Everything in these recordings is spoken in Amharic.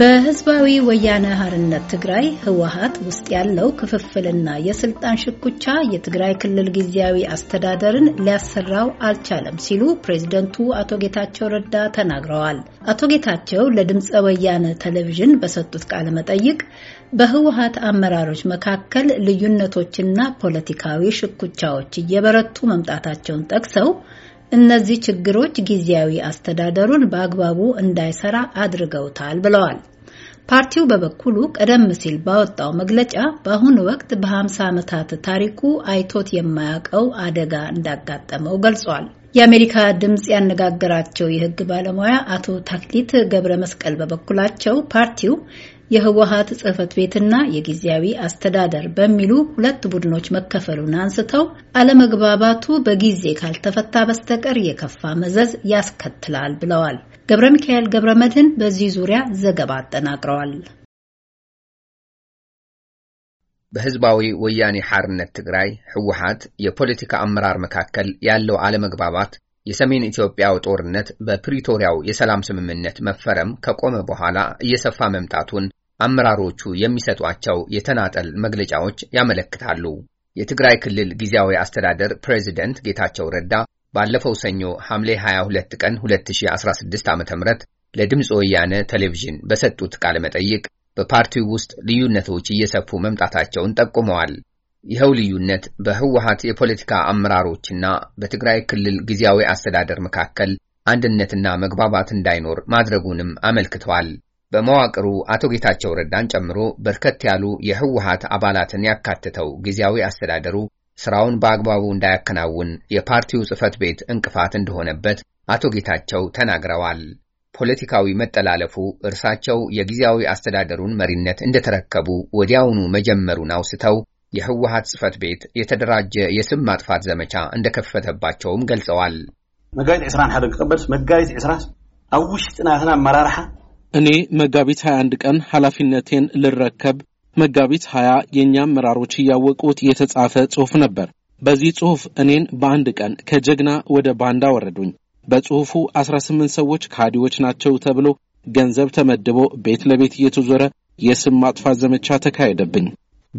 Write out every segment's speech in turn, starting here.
በህዝባዊ ወያነ ሀርነት ትግራይ ህወሀት ውስጥ ያለው ክፍፍልና የስልጣን ሽኩቻ የትግራይ ክልል ጊዜያዊ አስተዳደርን ሊያሰራው አልቻለም ሲሉ ፕሬዝደንቱ አቶ ጌታቸው ረዳ ተናግረዋል። አቶ ጌታቸው ለድምፀ ወያነ ቴሌቪዥን በሰጡት ቃለ መጠይቅ በህወሀት አመራሮች መካከል ልዩነቶችና ፖለቲካዊ ሽኩቻዎች እየበረቱ መምጣታቸውን ጠቅሰው እነዚህ ችግሮች ጊዜያዊ አስተዳደሩን በአግባቡ እንዳይሰራ አድርገውታል ብለዋል። ፓርቲው በበኩሉ ቀደም ሲል ባወጣው መግለጫ በአሁኑ ወቅት በ50 ዓመታት ታሪኩ አይቶት የማያውቀው አደጋ እንዳጋጠመው ገልጿል። የአሜሪካ ድምፅ ያነጋገራቸው የሕግ ባለሙያ አቶ ታክሊት ገብረ መስቀል በበኩላቸው ፓርቲው የህወሀት ጽህፈት ቤትና የጊዜያዊ አስተዳደር በሚሉ ሁለት ቡድኖች መከፈሉን አንስተው አለመግባባቱ በጊዜ ካልተፈታ በስተቀር የከፋ መዘዝ ያስከትላል ብለዋል። ገብረ ሚካኤል ገብረ መድህን በዚህ ዙሪያ ዘገባ አጠናቅረዋል። በህዝባዊ ወያኔ ሓርነት ትግራይ ህወሀት የፖለቲካ አመራር መካከል ያለው አለመግባባት የሰሜን ኢትዮጵያው ጦርነት በፕሪቶሪያው የሰላም ስምምነት መፈረም ከቆመ በኋላ እየሰፋ መምጣቱን አመራሮቹ የሚሰጧቸው የተናጠል መግለጫዎች ያመለክታሉ። የትግራይ ክልል ጊዜያዊ አስተዳደር ፕሬዚደንት ጌታቸው ረዳ ባለፈው ሰኞ ሐምሌ 22 ቀን 2016 ዓ ም ለድምፅ ወያነ ቴሌቪዥን በሰጡት ቃለ መጠይቅ በፓርቲው ውስጥ ልዩነቶች እየሰፉ መምጣታቸውን ጠቁመዋል። ይኸው ልዩነት በህወሀት የፖለቲካ አመራሮችና በትግራይ ክልል ጊዜያዊ አስተዳደር መካከል አንድነትና መግባባት እንዳይኖር ማድረጉንም አመልክተዋል። በመዋቅሩ አቶ ጌታቸው ረዳን ጨምሮ በርከት ያሉ የህወሀት አባላትን ያካትተው ጊዜያዊ አስተዳደሩ ስራውን በአግባቡ እንዳያከናውን የፓርቲው ጽህፈት ቤት እንቅፋት እንደሆነበት አቶ ጌታቸው ተናግረዋል። ፖለቲካዊ መጠላለፉ እርሳቸው የጊዜያዊ አስተዳደሩን መሪነት እንደተረከቡ ወዲያውኑ መጀመሩን አውስተው የህወሀት ጽህፈት ቤት የተደራጀ የስም ማጥፋት ዘመቻ እንደከፈተባቸውም ገልጸዋል። መጋየት ሓደ ክቀበልስ መጋየት ዕስራስ ኣብ ውሽጢ ናትና እኔ መጋቢት 21 ቀን ኃላፊነቴን ልረከብ መጋቢት 20 የእኛ አመራሮች እያወቁት የተጻፈ ጽሑፍ ነበር። በዚህ ጽሑፍ እኔን በአንድ ቀን ከጀግና ወደ ባንዳ ወረዱኝ። በጽሑፉ 18 ሰዎች ካዲዎች ናቸው ተብሎ ገንዘብ ተመድቦ ቤት ለቤት እየተዞረ የስም ማጥፋት ዘመቻ ተካሄደብኝ።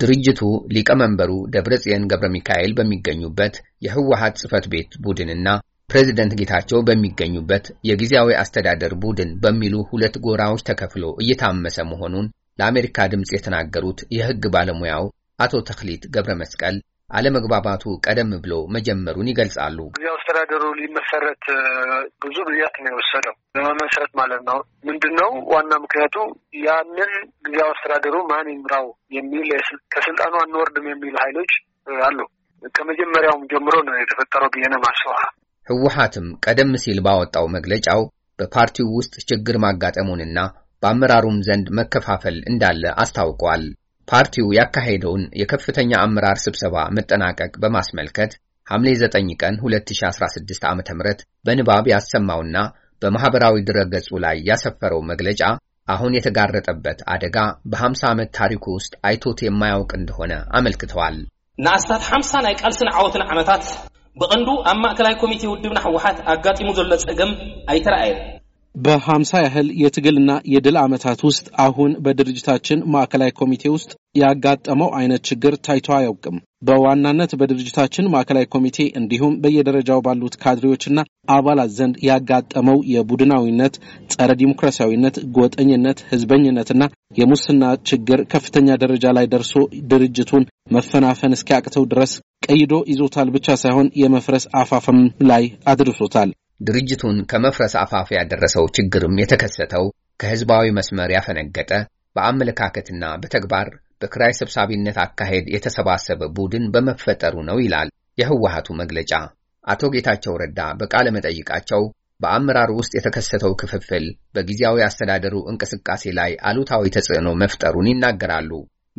ድርጅቱ ሊቀመንበሩ ደብረጽዮን ገብረ ሚካኤል በሚገኙበት የህወሀት ጽህፈት ቤት ቡድንና ፕሬዚደንት ጌታቸው በሚገኙበት የጊዜያዊ አስተዳደር ቡድን በሚሉ ሁለት ጎራዎች ተከፍሎ እየታመሰ መሆኑን ለአሜሪካ ድምፅ የተናገሩት የሕግ ባለሙያው አቶ ተክሊት ገብረ መስቀል አለመግባባቱ ቀደም ብሎ መጀመሩን ይገልጻሉ። ጊዜያዊ አስተዳደሩ ሊመሰረት ብዙ ጊዜያት ነው የወሰደው ለመመሰረት ማለት ነው። ምንድን ነው ዋና ምክንያቱ? ያንን ጊዜያዊ አስተዳደሩ ማን ይምራው የሚል ከስልጣኑ አንወርድም የሚል ኃይሎች አሉ። ከመጀመሪያውም ጀምሮ ነው የተፈጠረው ብዬ ነው ህወሓትም ቀደም ሲል ባወጣው መግለጫው በፓርቲው ውስጥ ችግር ማጋጠሙንና በአመራሩም ዘንድ መከፋፈል እንዳለ አስታውቋል። ፓርቲው ያካሄደውን የከፍተኛ አመራር ስብሰባ መጠናቀቅ በማስመልከት ሐምሌ 9 ቀን 2016 ዓ ም በንባብ ያሰማውና በማኅበራዊ ድረገጹ ላይ ያሰፈረው መግለጫ አሁን የተጋረጠበት አደጋ በ50 ዓመት ታሪኩ ውስጥ አይቶት የማያውቅ እንደሆነ አመልክተዋል። ንኣስታት ሓምሳን ናይ ቃልስን ዓወትን ዓመታት በቀንዱ ኣብ ማእከላይ ኮሚቴ ውድብና ህወሓት አጋጢሙ ዘሎ ፀገም ኣይተረኣየን። በሀምሳ ያህል የትግልና የድል ዓመታት ውስጥ አሁን በድርጅታችን ማዕከላዊ ኮሚቴ ውስጥ ያጋጠመው አይነት ችግር ታይቶ አያውቅም። በዋናነት በድርጅታችን ማዕከላዊ ኮሚቴ እንዲሁም በየደረጃው ባሉት ካድሬዎችና አባላት ዘንድ ያጋጠመው የቡድናዊነት፣ ጸረ ዲሞክራሲያዊነት፣ ጎጠኝነት፣ ህዝበኝነትና የሙስና ችግር ከፍተኛ ደረጃ ላይ ደርሶ ድርጅቱን መፈናፈን እስኪያቅተው ድረስ ቀይዶ ይዞታል ብቻ ሳይሆን የመፍረስ አፋፍም ላይ አድርሶታል። ድርጅቱን ከመፍረስ አፋፍ ያደረሰው ችግርም የተከሰተው ከህዝባዊ መስመር ያፈነገጠ በአመለካከትና በተግባር በክራይ ሰብሳቢነት አካሄድ የተሰባሰበ ቡድን በመፈጠሩ ነው ይላል የህወሀቱ መግለጫ። አቶ ጌታቸው ረዳ በቃለ መጠይቃቸው በአመራር ውስጥ የተከሰተው ክፍፍል በጊዜያዊ አስተዳደሩ እንቅስቃሴ ላይ አሉታዊ ተጽዕኖ መፍጠሩን ይናገራሉ።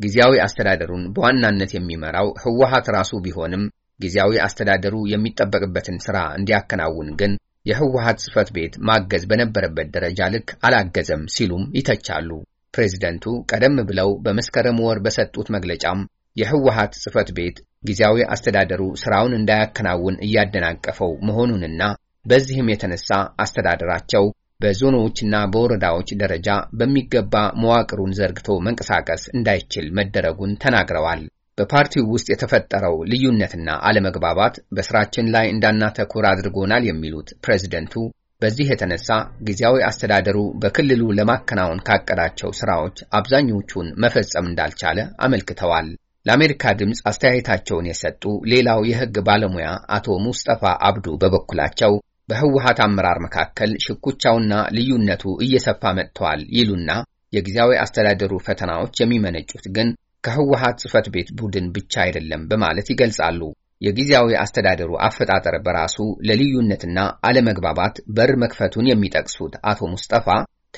ጊዜያዊ አስተዳደሩን በዋናነት የሚመራው ህወሀት ራሱ ቢሆንም ጊዜያዊ አስተዳደሩ የሚጠበቅበትን ስራ እንዲያከናውን ግን የህወሀት ጽህፈት ቤት ማገዝ በነበረበት ደረጃ ልክ አላገዘም ሲሉም ይተቻሉ። ፕሬዚደንቱ ቀደም ብለው በመስከረም ወር በሰጡት መግለጫም የህወሀት ጽህፈት ቤት ጊዜያዊ አስተዳደሩ ስራውን እንዳያከናውን እያደናቀፈው መሆኑንና በዚህም የተነሳ አስተዳደራቸው በዞኖችና በወረዳዎች ደረጃ በሚገባ መዋቅሩን ዘርግቶ መንቀሳቀስ እንዳይችል መደረጉን ተናግረዋል። በፓርቲው ውስጥ የተፈጠረው ልዩነትና አለመግባባት በስራችን ላይ እንዳናተኩር አድርጎናል የሚሉት ፕሬዚደንቱ በዚህ የተነሳ ጊዜያዊ አስተዳደሩ በክልሉ ለማከናወን ካቀዳቸው ስራዎች አብዛኞቹን መፈጸም እንዳልቻለ አመልክተዋል። ለአሜሪካ ድምፅ አስተያየታቸውን የሰጡ ሌላው የሕግ ባለሙያ አቶ ሙስጠፋ አብዱ በበኩላቸው በህወሀት አመራር መካከል ሽኩቻውና ልዩነቱ እየሰፋ መጥተዋል ይሉና የጊዜያዊ አስተዳደሩ ፈተናዎች የሚመነጩት ግን ከህወሀት ጽህፈት ቤት ቡድን ብቻ አይደለም በማለት ይገልጻሉ። የጊዜያዊ አስተዳደሩ አፈጣጠር በራሱ ለልዩነትና አለመግባባት በር መክፈቱን የሚጠቅሱት አቶ ሙስጠፋ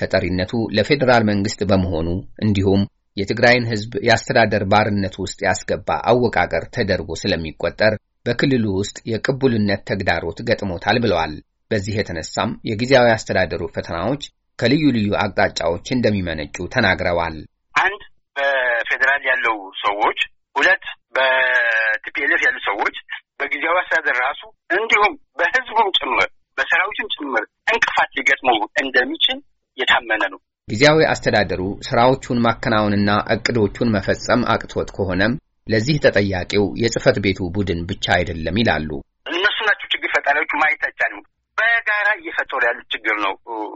ተጠሪነቱ ለፌዴራል መንግስት በመሆኑ እንዲሁም የትግራይን ህዝብ የአስተዳደር ባርነት ውስጥ ያስገባ አወቃቀር ተደርጎ ስለሚቆጠር በክልሉ ውስጥ የቅቡልነት ተግዳሮት ገጥሞታል ብለዋል። በዚህ የተነሳም የጊዜያዊ አስተዳደሩ ፈተናዎች ከልዩ ልዩ አቅጣጫዎች እንደሚመነጩ ተናግረዋል። አንድ በፌዴራል ያለው ሰዎች፣ ሁለት በቲፒኤልኤፍ ያሉ ሰዎች በጊዜያዊ አስተዳደር ራሱ እንዲሁም በህዝቡም ጭምር በሰራዊትም ጭምር እንቅፋት ሊገጥመው እንደሚችል የታመነ ነው። ጊዜያዊ አስተዳደሩ ስራዎቹን ማከናወንና እቅዶቹን መፈጸም አቅቶት ከሆነም ለዚህ ተጠያቂው የጽህፈት ቤቱ ቡድን ብቻ አይደለም ይላሉ። እነሱ ናቸው ችግር ፈጣሪዎቹ። ማየት አይቻልም። በጋራ እየፈጠሩ ያሉት ችግር ነው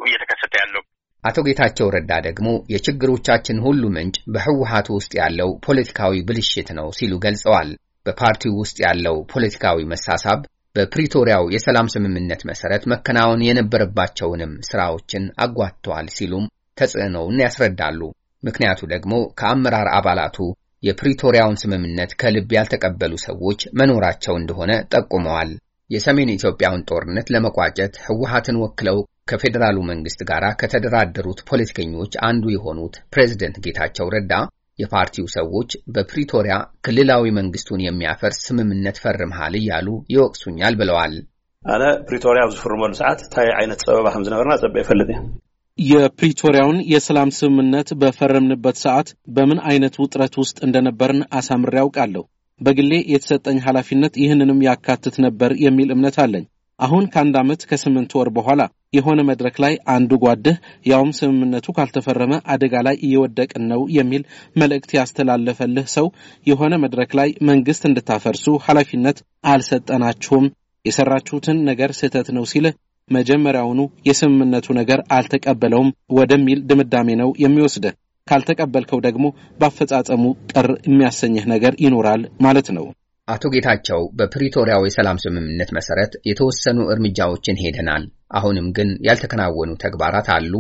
እየተከሰተ ያለው። አቶ ጌታቸው ረዳ ደግሞ የችግሮቻችን ሁሉ ምንጭ በህወሀቱ ውስጥ ያለው ፖለቲካዊ ብልሽት ነው ሲሉ ገልጸዋል። በፓርቲው ውስጥ ያለው ፖለቲካዊ መሳሳብ በፕሪቶሪያው የሰላም ስምምነት መሰረት መከናወን የነበረባቸውንም ስራዎችን አጓትተዋል ሲሉም ተጽዕኖውን ያስረዳሉ። ምክንያቱ ደግሞ ከአመራር አባላቱ የፕሪቶሪያውን ስምምነት ከልብ ያልተቀበሉ ሰዎች መኖራቸው እንደሆነ ጠቁመዋል። የሰሜን ኢትዮጵያውን ጦርነት ለመቋጨት ህወሀትን ወክለው ከፌዴራሉ መንግስት ጋር ከተደራደሩት ፖለቲከኞች አንዱ የሆኑት ፕሬዝደንት ጌታቸው ረዳ የፓርቲው ሰዎች በፕሪቶሪያ ክልላዊ መንግስቱን የሚያፈርስ ስምምነት ፈርምሃል እያሉ ይወቅሱኛል ብለዋል። ኣነ ፕሪቶሪያ ኣብ ዝፍርመሉ ሰዓት እንታይ ዓይነት ፀበባ ከም ዝነበርና ፀበ ይፈልጥ እየ የፕሪቶሪያውን የሰላም ስምምነት በፈረምንበት ሰዓት በምን አይነት ውጥረት ውስጥ እንደነበርን አሳምሬ ያውቃለሁ። በግሌ የተሰጠኝ ኃላፊነት ይህንንም ያካትት ነበር የሚል እምነት አለኝ። አሁን ከአንድ ዓመት ከስምንት ወር በኋላ የሆነ መድረክ ላይ አንዱ ጓድህ ያውም ስምምነቱ ካልተፈረመ አደጋ ላይ እየወደቅን ነው የሚል መልእክት ያስተላለፈልህ ሰው የሆነ መድረክ ላይ መንግሥት እንድታፈርሱ ኃላፊነት አልሰጠናችሁም፣ የሠራችሁትን ነገር ስህተት ነው ሲልህ መጀመሪያውኑ የስምምነቱ ነገር አልተቀበለውም ወደሚል ድምዳሜ ነው የሚወስድህ። ካልተቀበልከው ደግሞ በአፈጻጸሙ ቅር የሚያሰኝህ ነገር ይኖራል ማለት ነው። አቶ ጌታቸው በፕሪቶሪያው የሰላም ስምምነት መሰረት የተወሰኑ እርምጃዎችን ሄደናል፣ አሁንም ግን ያልተከናወኑ ተግባራት አሉ።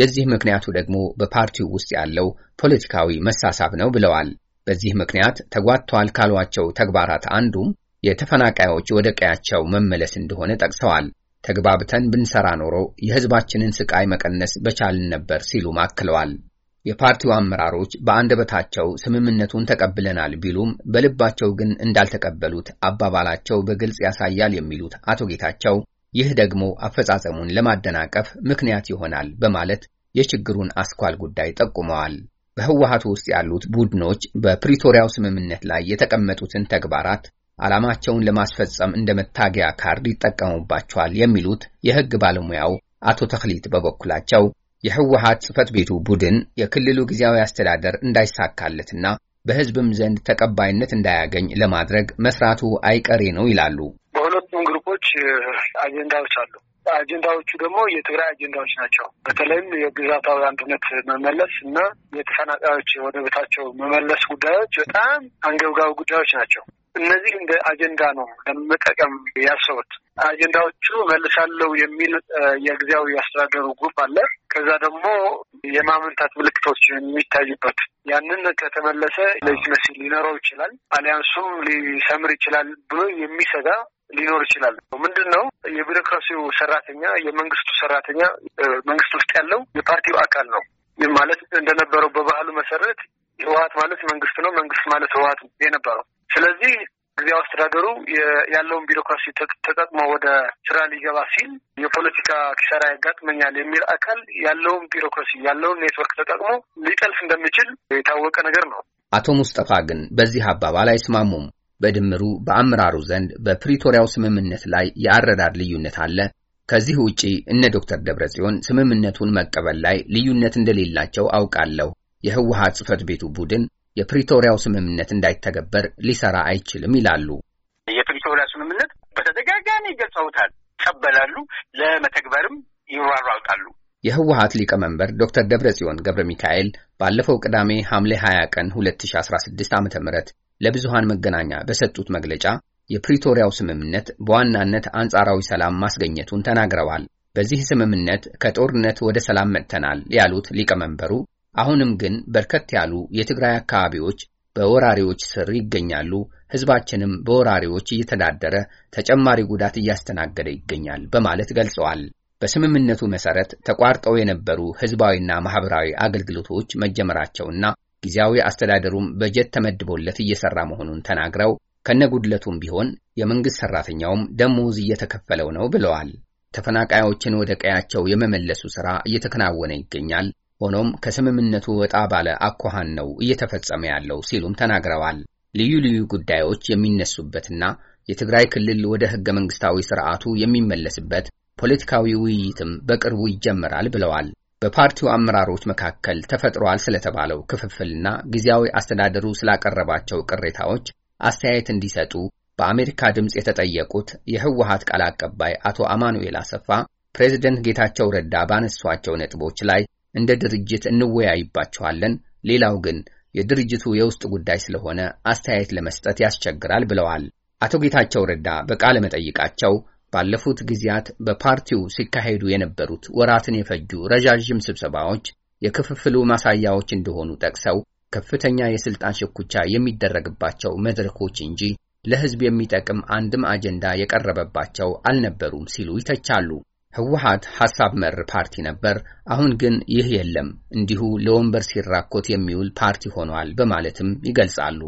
የዚህ ምክንያቱ ደግሞ በፓርቲው ውስጥ ያለው ፖለቲካዊ መሳሳብ ነው ብለዋል። በዚህ ምክንያት ተጓትቷል ካሏቸው ተግባራት አንዱም የተፈናቃዮች ወደ ቀያቸው መመለስ እንደሆነ ጠቅሰዋል። ተግባብተን ብንሰራ ኖሮ የህዝባችንን ስቃይ መቀነስ በቻልን ነበር ሲሉም አክለዋል። የፓርቲው አመራሮች በአንደበታቸው ስምምነቱን ተቀብለናል ቢሉም በልባቸው ግን እንዳልተቀበሉት አባባላቸው በግልጽ ያሳያል የሚሉት አቶ ጌታቸው ይህ ደግሞ አፈጻጸሙን ለማደናቀፍ ምክንያት ይሆናል በማለት የችግሩን አስኳል ጉዳይ ጠቁመዋል። በህወሀቱ ውስጥ ያሉት ቡድኖች በፕሪቶሪያው ስምምነት ላይ የተቀመጡትን ተግባራት ዓላማቸውን ለማስፈጸም እንደ መታገያ ካርድ ይጠቀሙባቸዋል የሚሉት የሕግ ባለሙያው አቶ ተክሊት በበኩላቸው የህወሀት ጽህፈት ቤቱ ቡድን የክልሉ ጊዜያዊ አስተዳደር እንዳይሳካለትና በህዝብም ዘንድ ተቀባይነት እንዳያገኝ ለማድረግ መስራቱ አይቀሬ ነው ይላሉ። በሁለቱም ግሩፖች አጀንዳዎች አሉ። አጀንዳዎቹ ደግሞ የትግራይ አጀንዳዎች ናቸው። በተለይም የግዛታዊ አንድነት መመለስ እና የተፈናቃዮች ወደ ቤታቸው መመለስ ጉዳዮች በጣም አንገብጋቢ ጉዳዮች ናቸው። እነዚህ እንደ አጀንዳ ነው ለመጠቀም ያሰቡት። አጀንዳዎቹ መልሳለው የሚል የጊዜያዊ አስተዳደሩ ጉብ አለ። ከዛ ደግሞ የማመንታት ምልክቶች የሚታዩበት ያንን ከተመለሰ ለጅነሲ ሊኖረው ይችላል፣ አሊያንሱም ሊሰምር ይችላል ብሎ የሚሰጋ ሊኖር ይችላል። ምንድን ነው የቢሮክራሲው ሰራተኛ የመንግስቱ ሰራተኛ መንግስት ውስጥ ያለው የፓርቲው አካል ነው ማለት እንደነበረው በባህሉ መሰረት ህወሀት ማለት መንግስት ነው፣ መንግስት ማለት ህወሀት የነበረው ስለዚህ ጊዜያዊ አስተዳደሩ ያለውን ቢሮክራሲ ተጠቅሞ ወደ ስራ ሊገባ ሲል የፖለቲካ ኪሳራ ያጋጥመኛል የሚል አካል ያለውን ቢሮክራሲ ያለውን ኔትወርክ ተጠቅሞ ሊጠልፍ እንደሚችል የታወቀ ነገር ነው። አቶ ሙስጠፋ ግን በዚህ አባባል አይስማሙም። በድምሩ በአመራሩ ዘንድ በፕሪቶሪያው ስምምነት ላይ የአረዳድ ልዩነት አለ። ከዚህ ውጪ እነ ዶክተር ደብረ ጽዮን ስምምነቱን መቀበል ላይ ልዩነት እንደሌላቸው አውቃለሁ። የህወሀት ጽህፈት ቤቱ ቡድን የፕሪቶሪያው ስምምነት እንዳይተገበር ሊሰራ አይችልም ይላሉ። የፕሪቶሪያ ስምምነት በተደጋጋሚ ይገልጸውታል፣ ይቀበላሉ፣ ለመተግበርም ይሯሯጣሉ። የህወሀት ሊቀመንበር ዶክተር ደብረ ጽዮን ገብረ ሚካኤል ባለፈው ቅዳሜ ሐምሌ 20 ቀን 2016 ዓ ም ለብዙሃን መገናኛ በሰጡት መግለጫ የፕሪቶሪያው ስምምነት በዋናነት አንጻራዊ ሰላም ማስገኘቱን ተናግረዋል። በዚህ ስምምነት ከጦርነት ወደ ሰላም መጥተናል ያሉት ሊቀመንበሩ አሁንም ግን በርከት ያሉ የትግራይ አካባቢዎች በወራሪዎች ስር ይገኛሉ። ህዝባችንም በወራሪዎች እየተዳደረ ተጨማሪ ጉዳት እያስተናገደ ይገኛል በማለት ገልጸዋል። በስምምነቱ መሰረት ተቋርጠው የነበሩ ህዝባዊና ማህበራዊ አገልግሎቶች መጀመራቸውና ጊዜያዊ አስተዳደሩም በጀት ተመድቦለት እየሰራ መሆኑን ተናግረው ከነጉድለቱም ቢሆን የመንግሥት ሠራተኛውም ደሞዝ እየተከፈለው ነው ብለዋል። ተፈናቃዮችን ወደ ቀያቸው የመመለሱ ሥራ እየተከናወነ ይገኛል። ሆኖም ከስምምነቱ ወጣ ባለ አኳኋን ነው እየተፈጸመ ያለው ሲሉም ተናግረዋል። ልዩ ልዩ ጉዳዮች የሚነሱበትና የትግራይ ክልል ወደ ህገ መንግስታዊ ስርዓቱ የሚመለስበት ፖለቲካዊ ውይይትም በቅርቡ ይጀመራል ብለዋል። በፓርቲው አመራሮች መካከል ተፈጥሯል ስለተባለው ክፍፍልና ጊዜያዊ አስተዳደሩ ስላቀረባቸው ቅሬታዎች አስተያየት እንዲሰጡ በአሜሪካ ድምፅ የተጠየቁት የህወሀት ቃል አቀባይ አቶ አማኑኤል አሰፋ ፕሬዝደንት ጌታቸው ረዳ ባነሷቸው ነጥቦች ላይ እንደ ድርጅት እንወያይባቸዋለን፣ ሌላው ግን የድርጅቱ የውስጥ ጉዳይ ስለሆነ አስተያየት ለመስጠት ያስቸግራል ብለዋል። አቶ ጌታቸው ረዳ በቃለ መጠይቃቸው ባለፉት ጊዜያት በፓርቲው ሲካሄዱ የነበሩት ወራትን የፈጁ ረዣዥም ስብሰባዎች የክፍፍሉ ማሳያዎች እንደሆኑ ጠቅሰው ከፍተኛ የስልጣን ሽኩቻ የሚደረግባቸው መድረኮች እንጂ ለሕዝብ የሚጠቅም አንድም አጀንዳ የቀረበባቸው አልነበሩም ሲሉ ይተቻሉ። ህወሓት ሐሳብ መር ፓርቲ ነበር። አሁን ግን ይህ የለም፣ እንዲሁ ለወንበር ሲራኮት የሚውል ፓርቲ ሆኗል በማለትም ይገልጻሉ።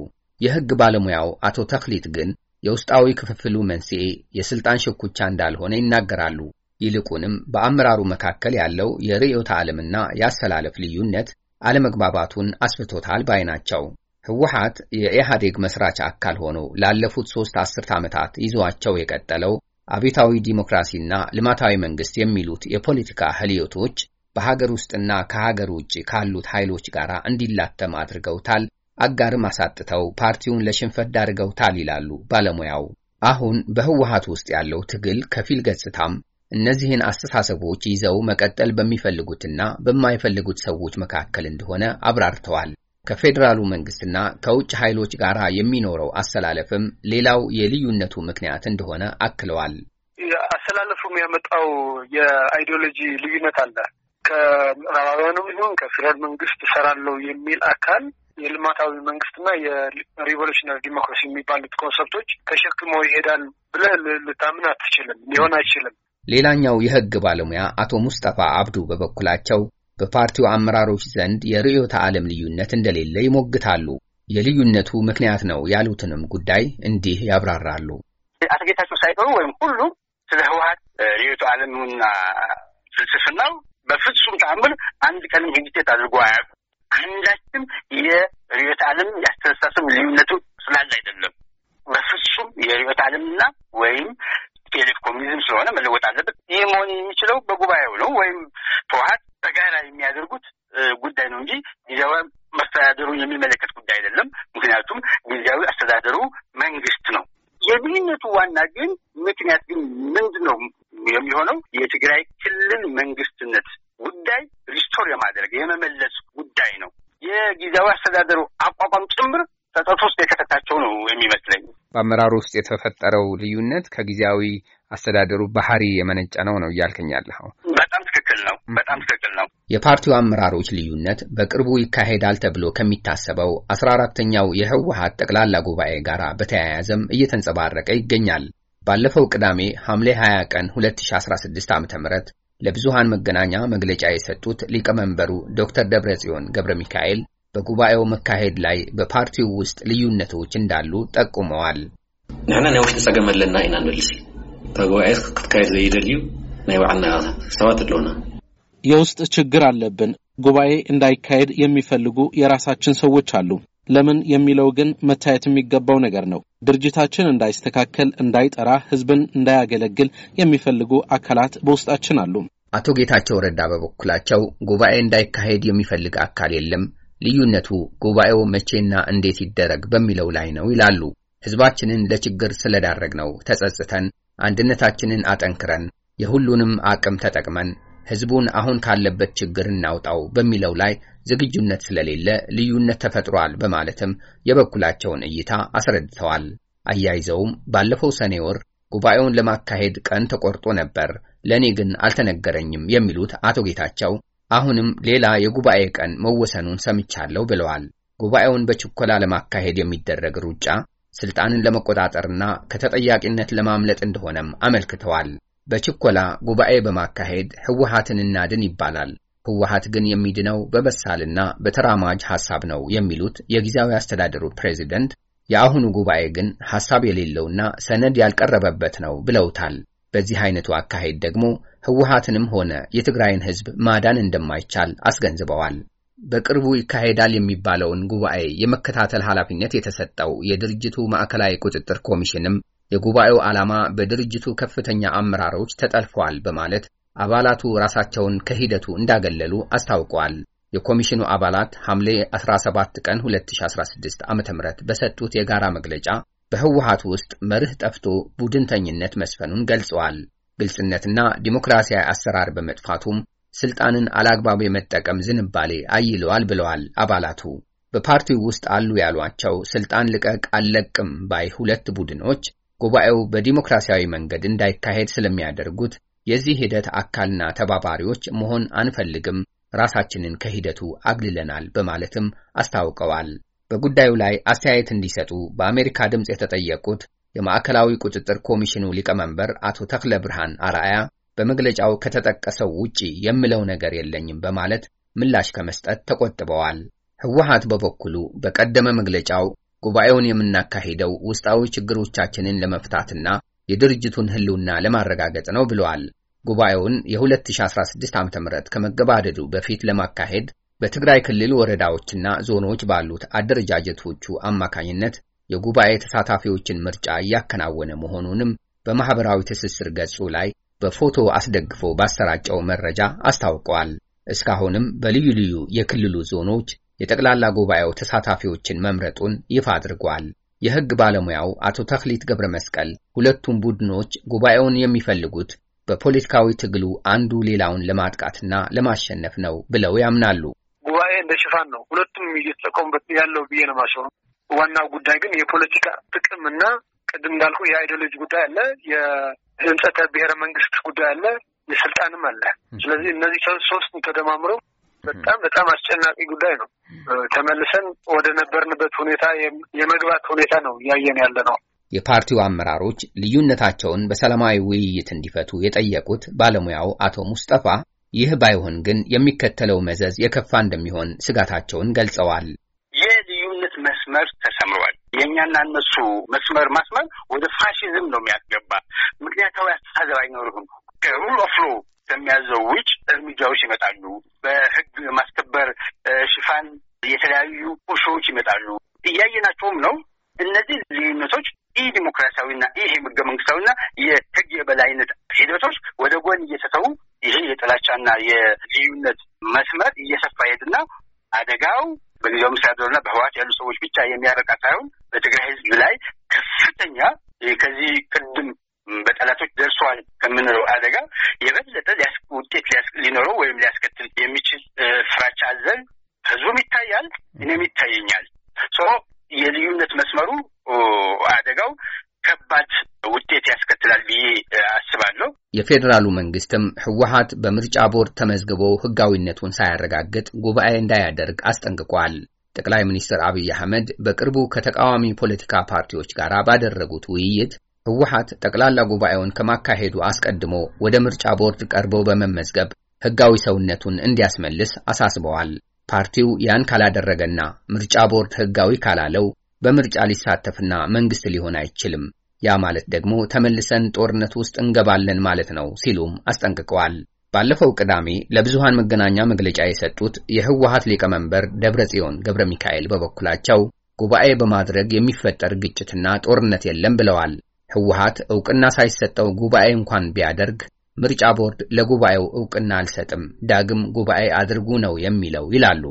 የህግ ባለሙያው አቶ ተክሊት ግን የውስጣዊ ክፍፍሉ መንስኤ የስልጣን ሽኩቻ እንዳልሆነ ይናገራሉ። ይልቁንም በአመራሩ መካከል ያለው የርዕዮተ ዓለምና የአሰላለፍ ልዩነት አለመግባባቱን አስፍቶታል ባይ ናቸው። ህወሓት የኢህአዴግ መስራች አካል ሆኖ ላለፉት ሦስት አስርት ዓመታት ይዟቸው የቀጠለው አቤታዊ ዲሞክራሲና ልማታዊ መንግስት የሚሉት የፖለቲካ ህልዮቶች በሀገር ውስጥና ከሀገር ውጭ ካሉት ኃይሎች ጋር እንዲላተም አድርገውታል፣ አጋርም አሳጥተው ፓርቲውን ለሽንፈት ዳርገውታል ይላሉ ባለሙያው። አሁን በህወሀት ውስጥ ያለው ትግል ከፊል ገጽታም እነዚህን አስተሳሰቦች ይዘው መቀጠል በሚፈልጉትና በማይፈልጉት ሰዎች መካከል እንደሆነ አብራርተዋል። ከፌዴራሉ መንግስትና ከውጭ ኃይሎች ጋር የሚኖረው አሰላለፍም ሌላው የልዩነቱ ምክንያት እንደሆነ አክለዋል። አሰላለፉም ያመጣው የአይዲዮሎጂ ልዩነት አለ። ከምዕራባውያኑም ይሁን ከፌዴራል መንግስት እሰራለሁ የሚል አካል የልማታዊ መንግስትና የሪቮሉሽነሪ ዲሞክራሲ የሚባሉት ኮንሰፕቶች ተሸክሞ ይሄዳል ብለህ ልታምን አትችልም፣ ሊሆን አይችልም። ሌላኛው የህግ ባለሙያ አቶ ሙስጠፋ አብዱ በበኩላቸው በፓርቲው አመራሮች ዘንድ የርዕዮተ ዓለም ልዩነት እንደሌለ ይሞግታሉ። የልዩነቱ ምክንያት ነው ያሉትንም ጉዳይ እንዲህ ያብራራሉ። አቶ ጌታቸው ሳይቀሩ ወይም ሁሉም ስለ ህወሀት ርዕዮተ ዓለምና ፍልስፍናው በፍጹም ተአምር አንድ ቀንም ሄጂቴት አድርጎ አያውቁም። አንዳችም የርዕዮተ ዓለም የአስተሳሰብ ልዩነቱ ስላለ አይደለም። በፍጹም የርዕዮተ ዓለምና ወይም ቴሌፍ ኮሚኒዝም ስለሆነ መለወጥ አለበት። ይህ መሆን የሚችለው በጉባኤው ነው ወይም ህወሀት በጋራ የሚያደርጉት ጉዳይ ነው እንጂ ጊዜያዊ መስተዳደሩን የሚመለከት ጉዳይ አይደለም። ምክንያቱም ጊዜያዊ አስተዳደሩ መንግስት ነው። የልዩነቱ ዋና ግን ምክንያት ግን ምንድን ነው የሚሆነው? የትግራይ ክልል መንግስትነት ጉዳይ ሪስቶር የማድረግ የመመለስ ጉዳይ ነው። የጊዜያዊ አስተዳደሩ አቋቋም ጭምር ተጠቶ ውስጥ የከተታቸው ነው የሚመስለኝ። በአመራሩ ውስጥ የተፈጠረው ልዩነት ከጊዜያዊ አስተዳደሩ ባህሪ የመነጨ ነው ነው እያልከኝ ያለኸው? የፓርቲው አመራሮች ልዩነት በቅርቡ ይካሄዳል ተብሎ ከሚታሰበው 14ተኛው የህወሀት ጠቅላላ ጉባኤ ጋር በተያያዘም እየተንጸባረቀ ይገኛል። ባለፈው ቅዳሜ ሐምሌ 20 ቀን 2016 ዓ ም ለብዙሃን መገናኛ መግለጫ የሰጡት ሊቀመንበሩ ዶክተር ደብረጽዮን ገብረ ሚካኤል በጉባኤው መካሄድ ላይ በፓርቲው ውስጥ ልዩነቶች እንዳሉ ጠቁመዋል። ንሕና ናይ ውሽጢ ፀገም ኣለና ኢና ንብል እታ ጉባኤ ክትካየድ ናይ ባዕልና ሰባት ኣለውና የውስጥ ችግር አለብን። ጉባኤ እንዳይካሄድ የሚፈልጉ የራሳችን ሰዎች አሉ። ለምን የሚለው ግን መታየት የሚገባው ነገር ነው። ድርጅታችን እንዳይስተካከል፣ እንዳይጠራ፣ ህዝብን እንዳያገለግል የሚፈልጉ አካላት በውስጣችን አሉ። አቶ ጌታቸው ረዳ በበኩላቸው ጉባኤ እንዳይካሄድ የሚፈልግ አካል የለም፣ ልዩነቱ ጉባኤው መቼና እንዴት ይደረግ በሚለው ላይ ነው ይላሉ። ህዝባችንን ለችግር ስለዳረግ ነው ተጸጽተን አንድነታችንን አጠንክረን የሁሉንም አቅም ተጠቅመን ህዝቡን አሁን ካለበት ችግር እናውጣው በሚለው ላይ ዝግጁነት ስለሌለ ልዩነት ተፈጥሯል በማለትም የበኩላቸውን እይታ አስረድተዋል። አያይዘውም ባለፈው ሰኔ ወር ጉባኤውን ለማካሄድ ቀን ተቆርጦ ነበር፣ ለእኔ ግን አልተነገረኝም የሚሉት አቶ ጌታቸው አሁንም ሌላ የጉባኤ ቀን መወሰኑን ሰምቻለሁ ብለዋል። ጉባኤውን በችኮላ ለማካሄድ የሚደረግ ሩጫ ስልጣንን ለመቆጣጠርና ከተጠያቂነት ለማምለጥ እንደሆነም አመልክተዋል። በችኮላ ጉባኤ በማካሄድ ህወሓትን እናድን ይባላል። ህወሓት ግን የሚድነው በበሳልና በተራማጅ ሐሳብ ነው የሚሉት የጊዜያዊ አስተዳደሩ ፕሬዚደንት፣ የአሁኑ ጉባኤ ግን ሐሳብ የሌለውና ሰነድ ያልቀረበበት ነው ብለውታል። በዚህ አይነቱ አካሄድ ደግሞ ህወሓትንም ሆነ የትግራይን ህዝብ ማዳን እንደማይቻል አስገንዝበዋል። በቅርቡ ይካሄዳል የሚባለውን ጉባኤ የመከታተል ኃላፊነት የተሰጠው የድርጅቱ ማዕከላዊ ቁጥጥር ኮሚሽንም የጉባኤው ዓላማ በድርጅቱ ከፍተኛ አመራሮች ተጠልፏል በማለት አባላቱ ራሳቸውን ከሂደቱ እንዳገለሉ አስታውቋል። የኮሚሽኑ አባላት ሐምሌ 17 ቀን 2016 ዓ ም በሰጡት የጋራ መግለጫ በህወሀት ውስጥ መርህ ጠፍቶ ቡድንተኝነት መስፈኑን ገልጸዋል። ግልጽነትና ዲሞክራሲያዊ አሰራር በመጥፋቱም ስልጣንን አላግባብ የመጠቀም ዝንባሌ አይለዋል ብለዋል አባላቱ። በፓርቲው ውስጥ አሉ ያሏቸው ስልጣን ልቀቅ አልለቅም ባይ ሁለት ቡድኖች ጉባኤው በዲሞክራሲያዊ መንገድ እንዳይካሄድ ስለሚያደርጉት የዚህ ሂደት አካልና ተባባሪዎች መሆን አንፈልግም፣ ራሳችንን ከሂደቱ አግልለናል በማለትም አስታውቀዋል። በጉዳዩ ላይ አስተያየት እንዲሰጡ በአሜሪካ ድምፅ የተጠየቁት የማዕከላዊ ቁጥጥር ኮሚሽኑ ሊቀመንበር አቶ ተክለ ብርሃን አርአያ በመግለጫው ከተጠቀሰው ውጪ የምለው ነገር የለኝም በማለት ምላሽ ከመስጠት ተቆጥበዋል። ህወሓት በበኩሉ በቀደመ መግለጫው ጉባኤውን የምናካሄደው ውስጣዊ ችግሮቻችንን ለመፍታትና የድርጅቱን ህልውና ለማረጋገጥ ነው ብለዋል። ጉባኤውን የ2016 ዓ ም ከመገባደዱ በፊት ለማካሄድ በትግራይ ክልል ወረዳዎችና ዞኖች ባሉት አደረጃጀቶቹ አማካኝነት የጉባኤ ተሳታፊዎችን ምርጫ እያከናወነ መሆኑንም በማኅበራዊ ትስስር ገጹ ላይ በፎቶ አስደግፎ ባሰራጨው መረጃ አስታውቀዋል። እስካሁንም በልዩ ልዩ የክልሉ ዞኖች የጠቅላላ ጉባኤው ተሳታፊዎችን መምረጡን ይፋ አድርጓል። የሕግ ባለሙያው አቶ ተክሊት ገብረ መስቀል ሁለቱም ቡድኖች ጉባኤውን የሚፈልጉት በፖለቲካዊ ትግሉ አንዱ ሌላውን ለማጥቃትና ለማሸነፍ ነው ብለው ያምናሉ። ጉባኤ እንደ ሽፋን ነው ሁለቱም እየተጠቀሙበት ያለው ብዬ ነው ማሸው። ዋናው ጉዳይ ግን የፖለቲካ ጥቅም እና ቅድም እንዳልኩ የአይዲዮሎጂ ጉዳይ አለ፣ የህንጸተ ብሔረ መንግስት ጉዳይ አለ፣ የስልጣንም አለ። ስለዚህ እነዚህ ሶስት ተደማምረው በጣም በጣም አስጨናቂ ጉዳይ ነው። ተመልሰን ወደ ነበርንበት ሁኔታ የመግባት ሁኔታ ነው እያየን ያለ ነው። የፓርቲው አመራሮች ልዩነታቸውን በሰላማዊ ውይይት እንዲፈቱ የጠየቁት ባለሙያው አቶ ሙስጠፋ ይህ ባይሆን ግን የሚከተለው መዘዝ የከፋ እንደሚሆን ስጋታቸውን ገልጸዋል። የልዩነት መስመር ተሰምሯል። የእኛና እነሱ መስመር ማስመር ወደ ፋሽዝም ነው የሚያስገባ። ምክንያታዊ አስተሳሰብ አይኖርም። ሩል ኦፍ ሎው ከሚያዘው ውጭ እርምጃዎች ይመጣሉ። በህግ ማስከበር ሽፋን የተለያዩ ቁሾዎች ይመጣሉ። የፌዴራሉ መንግስትም ህወሀት በምርጫ ቦርድ ተመዝግቦ ህጋዊነቱን ሳያረጋግጥ ጉባኤ እንዳያደርግ አስጠንቅቋል። ጠቅላይ ሚኒስትር አብይ አህመድ በቅርቡ ከተቃዋሚ ፖለቲካ ፓርቲዎች ጋር ባደረጉት ውይይት ህወሀት ጠቅላላ ጉባኤውን ከማካሄዱ አስቀድሞ ወደ ምርጫ ቦርድ ቀርቦ በመመዝገብ ህጋዊ ሰውነቱን እንዲያስመልስ አሳስበዋል። ፓርቲው ያን ካላደረገና ምርጫ ቦርድ ህጋዊ ካላለው በምርጫ ሊሳተፍና መንግስት ሊሆን አይችልም ያ ማለት ደግሞ ተመልሰን ጦርነት ውስጥ እንገባለን ማለት ነው ሲሉም አስጠንቅቀዋል። ባለፈው ቅዳሜ ለብዙሃን መገናኛ መግለጫ የሰጡት የህወሀት ሊቀመንበር ደብረ ጽዮን ገብረ ሚካኤል በበኩላቸው ጉባኤ በማድረግ የሚፈጠር ግጭትና ጦርነት የለም ብለዋል። ህወሀት እውቅና ሳይሰጠው ጉባኤ እንኳን ቢያደርግ ምርጫ ቦርድ ለጉባኤው እውቅና አልሰጥም፣ ዳግም ጉባኤ አድርጉ ነው የሚለው ይላሉ።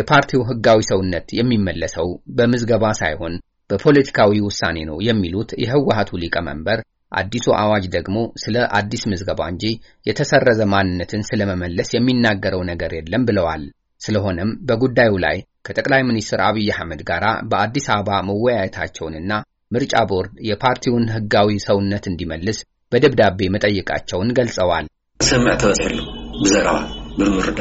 የፓርቲው ህጋዊ ሰውነት የሚመለሰው በምዝገባ ሳይሆን በፖለቲካዊ ውሳኔ ነው የሚሉት የህወሀቱ ሊቀመንበር፣ አዲሱ አዋጅ ደግሞ ስለ አዲስ ምዝገባ እንጂ የተሰረዘ ማንነትን ስለመመለስ የሚናገረው ነገር የለም ብለዋል። ስለሆነም በጉዳዩ ላይ ከጠቅላይ ሚኒስትር አብይ አህመድ ጋር በአዲስ አበባ መወያየታቸውንና ምርጫ ቦርድ የፓርቲውን ህጋዊ ሰውነት እንዲመልስ በደብዳቤ መጠየቃቸውን ገልጸዋል። ሰምዕ ተበፅሕሉ ብዘረባ ብምርዳ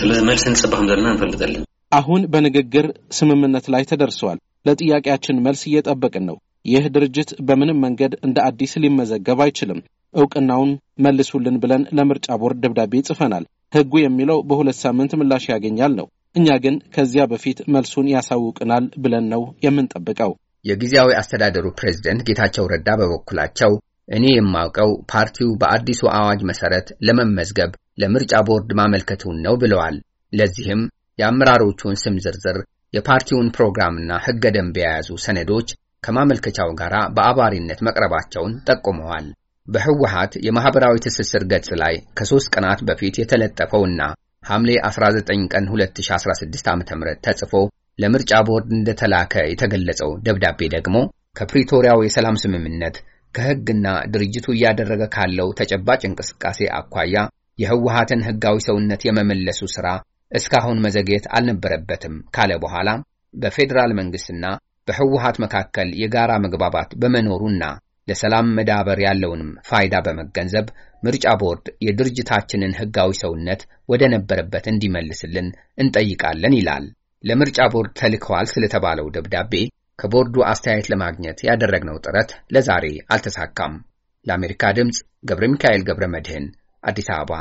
ስለ መልስ ንፅባኹም ዘለና እንፈልጠለን። አሁን በንግግር ስምምነት ላይ ተደርሰዋል። ለጥያቄያችን መልስ እየጠበቅን ነው። ይህ ድርጅት በምንም መንገድ እንደ አዲስ ሊመዘገብ አይችልም። እውቅናውን መልሱልን ብለን ለምርጫ ቦርድ ደብዳቤ ጽፈናል። ሕጉ የሚለው በሁለት ሳምንት ምላሽ ያገኛል ነው። እኛ ግን ከዚያ በፊት መልሱን ያሳውቅናል ብለን ነው የምንጠብቀው። የጊዜያዊ አስተዳደሩ ፕሬዝደንት ጌታቸው ረዳ በበኩላቸው እኔ የማውቀው ፓርቲው በአዲሱ አዋጅ መሰረት ለመመዝገብ ለምርጫ ቦርድ ማመልከቱን ነው ብለዋል። ለዚህም የአመራሮቹን ስም ዝርዝር የፓርቲውን ፕሮግራምና ሕገ ደንብ የያዙ ሰነዶች ከማመልከቻው ጋር በአባሪነት መቅረባቸውን ጠቁመዋል። በህወሓት የማኅበራዊ ትስስር ገጽ ላይ ከሦስት ቀናት በፊት የተለጠፈውና ሐምሌ 19 ቀን 2016 ዓ ም ተጽፎ ለምርጫ ቦርድ እንደተላከ የተገለጸው ደብዳቤ ደግሞ ከፕሪቶሪያው የሰላም ስምምነት ከሕግና ድርጅቱ እያደረገ ካለው ተጨባጭ እንቅስቃሴ አኳያ የህወሓትን ሕጋዊ ሰውነት የመመለሱ ሥራ እስካሁን መዘግየት አልነበረበትም ካለ በኋላ በፌዴራል መንግሥትና በሕወሓት መካከል የጋራ መግባባት በመኖሩና ለሰላም መዳበር ያለውንም ፋይዳ በመገንዘብ ምርጫ ቦርድ የድርጅታችንን ህጋዊ ሰውነት ወደ ነበረበት እንዲመልስልን እንጠይቃለን ይላል። ለምርጫ ቦርድ ተልከዋል ስለተባለው ደብዳቤ ከቦርዱ አስተያየት ለማግኘት ያደረግነው ጥረት ለዛሬ አልተሳካም። ለአሜሪካ ድምፅ ገብረ ሚካኤል ገብረ መድህን አዲስ አበባ